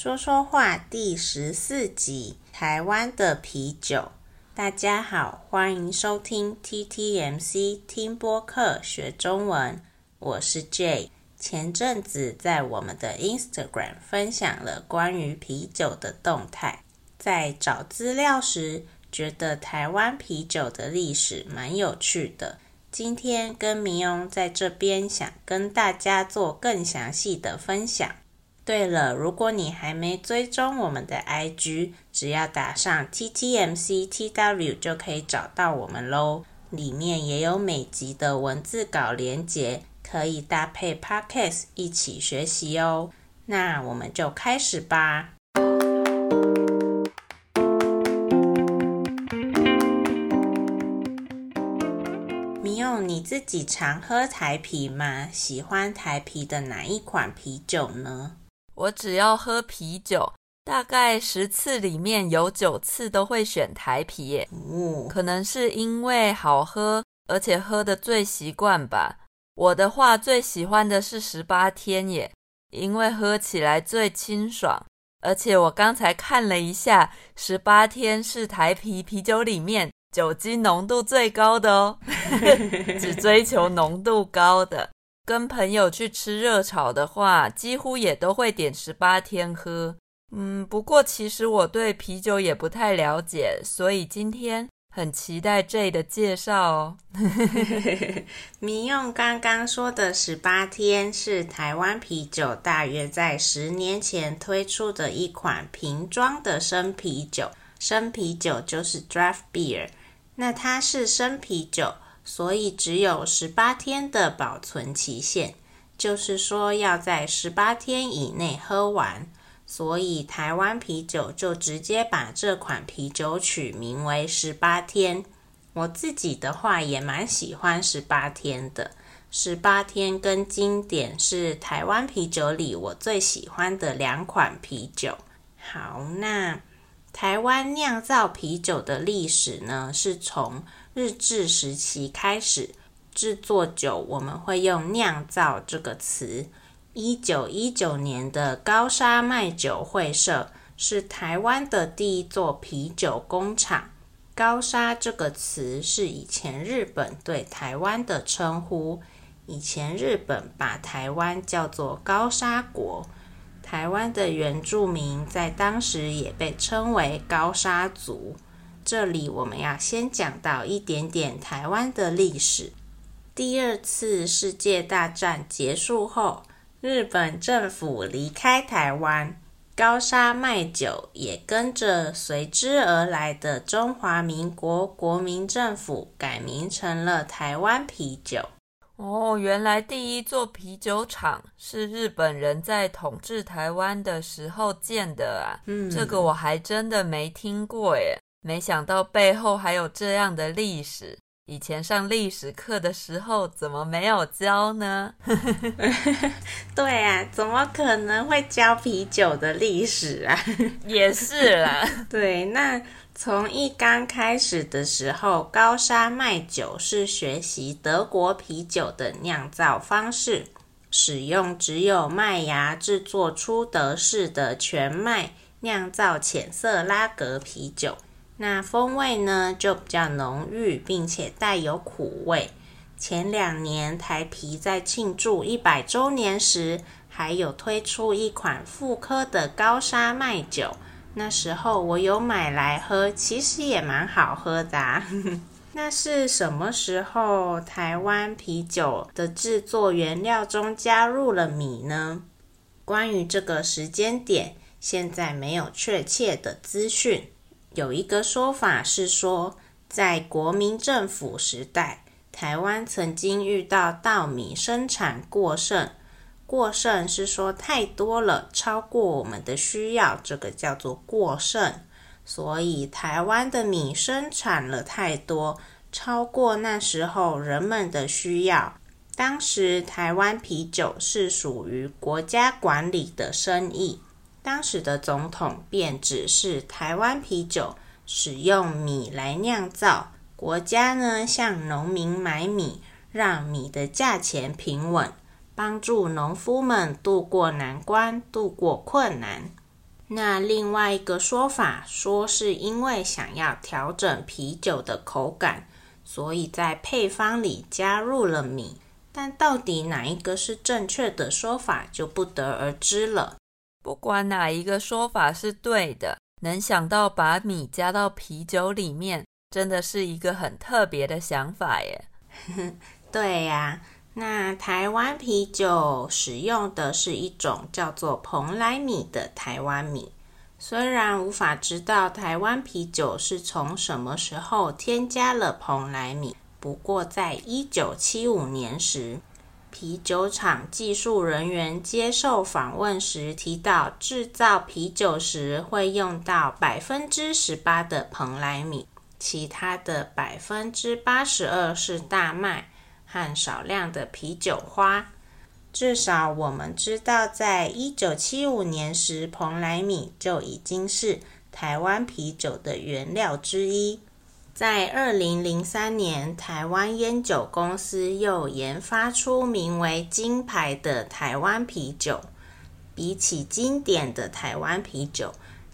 說說話第十四集：台灣的啤酒。大家好，歡迎收聽 TTMC 聽播客學中文。我是 Jay。前陣子在我們的 Instagram 分享了關於啤酒的動態，在找資料時覺得台灣啤酒的歷史蠻有趣的。今天跟明庸在這邊想跟大家做更詳細的分享。對了，如果你還沒追蹤我們的 IG，只要打上 T T M C T W 就可以找到我們嘍。裡面也有每集的文字稿連結，可以搭配 Podcast 一起學習哦。那我們就開始吧。米友，你自己常喝台啤嗎？喜歡台啤的哪一款啤酒呢？我只要喝啤酒，大概十次裡面有九次都會選台啤耶，哦，可能是因為好喝，而且喝得最習慣吧。我的話最喜歡的是十八天耶，因為喝起來最清爽，而且我剛才看了一下，十八天是台啤啤，啤酒裡面酒精濃度最高的哦， 只追求濃度高的。跟朋友去吃熱炒的話，幾乎也都會點十八天喝。嗯，不過其實我對啤酒也不太了解，所以今天很期待 Jay 的介紹哦。 民用剛剛說的十八天是台灣啤酒，大約在十年前推出的一款瓶裝的生啤酒。生啤酒就是 draft beer，那它是生啤酒。所以只有十八天的保存期限，就是說要在十八天以內喝完。所以台灣啤酒就直接把這款啤酒取名為十八天。我自己的話也蠻喜歡十八天的，十八天跟經典是台灣啤酒裡我最喜歡的兩款啤酒。好，那。台灣釀造啤酒的歷史呢，是從日治時期開始製作酒。我們會用“釀造”這個詞。一九一九年的高砂麥酒會社是台灣的第一座啤酒工廠。高砂這個詞是以前日本對台灣的稱呼。以前日本把台灣叫做高砂國。台灣的原住民在當時也被稱為高砂族。這裡我們要先講到一點點台灣的歷史。第二次世界大戰結束後，日本政府離開台灣，高砂麥酒也跟着隨之而來的中華民國國民政府改名成了台灣啤酒。哦，原來第一座啤酒廠是日本人在統治台灣的時候建的啊。嗯。這個我還真的沒聽過耶，沒想到背後還有這樣的歷史。以前上歷史課的時候，怎麼沒有教呢？ 對啊，怎麼可能會教啤酒的歷史啊？ 也是啦。 對，那從一剛開始的時候，高砂麥酒是學習德國啤酒的釀造方式，使用只有麥芽製作出德式的全麥釀造淺色拉格啤酒。那風味呢，就比較濃郁，並且帶有苦味。前兩年台啤在慶祝一百週年時，還有推出一款復刻的高砂麥酒，那時候我有買來喝，其實也蠻好喝的啊。 那是什麼時候台灣啤酒的制作原料中加入了米呢？關於這個時間點，現在沒有確切的資訊。有一個說法是說，在國民政府時代，台灣曾經遇到稻米生產過剩。過剩是說太多了，超過我們的需要，這個叫做過剩。所以台灣的米生產了太多，超過那時候人們的需要。當時台灣啤酒是屬於國家管理的生意。當時的總統便指示台灣啤酒使用米來釀造，國家呢，向農民買米，讓米的價錢平穩，幫助農夫們渡過難關、渡過困難。那另外一個說法說是因為想要調整啤酒的口感，所以在配方裡加入了米。但到底哪一個是正確的說法，就不得而知了。不管哪一個說法是對的，能想到把米加到啤酒裡面，真的是一個很特別的想法耶。呵呵，對呀、啊，那台灣啤酒使用的是一種叫做蓬萊米的台灣米。雖然無法知道台灣啤酒是從什麼時候添加了蓬萊米，不過在一九七五年時。啤酒廠技術人員接受訪問時提到，製造啤酒時會用到百分之十八的蓬萊米，其他的百分之八十二是大麥和少量的啤酒花。至少我們知道，在一九七五年時，蓬萊米就已經是台灣啤酒的原料之一。在二零零三年，台灣菸酒公司又研發出名為“金牌”的台灣啤酒。比起經典的台灣啤酒，“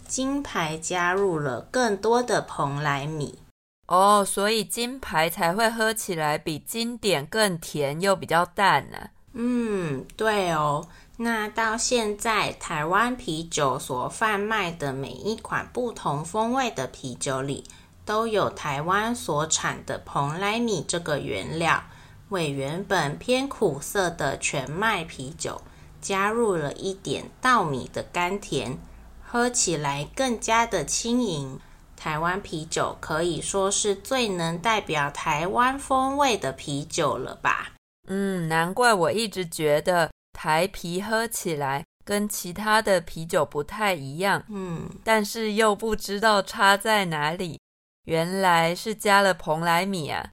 金牌”加入了更多的蓬萊米哦，Oh, 所以“金牌”才會喝起來比經典更甜又比較淡呢，啊。嗯，對哦。那到現在，台灣啤酒所販賣的每一款不同風味的啤酒裡，都有台灣所產的蓬萊米這個原料，為原本偏苦澀的全麥啤酒加入了一點稻米的甘甜，喝起來更加的輕盈。台灣啤酒可以說是最能代表台灣風味的啤酒了吧？嗯，難怪我一直覺得台啤喝起來跟其他的啤酒不太一樣，嗯，但是又不知道差在哪裡。原來是加了蓬萊米啊！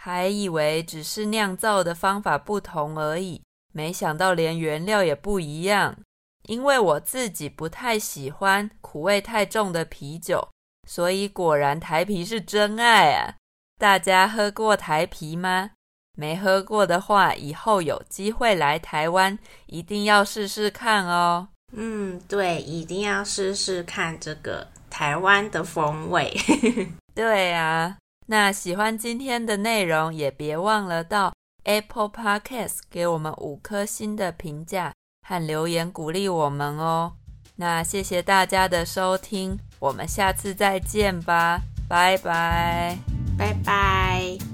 還以為只是釀造的方法不同而已，沒想到連原料也不一樣。因為我自己不太喜歡苦味太重的啤酒，所以果然台啤是真愛啊！大家喝過台啤嗎？沒喝過的話，以後有機會來台灣，一定要試試看哦。嗯，對，一定要試試看這個台灣的風味。 對啊，那喜歡今天的內容，也別忘了到 Apple Podcast 給我們五顆星的評價和留言鼓勵我們哦。那謝謝大家的收聽，我們下次再見吧，拜拜，拜拜。